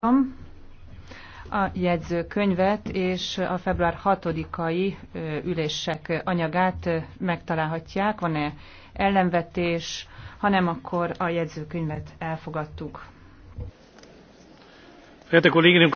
a jegyzőkönyvet és a február 6-ai ülések anyagát megtalálhatják. Van-e ellenvetés? Ha nem, akkor a jegyzőkönyvet elfogadtuk.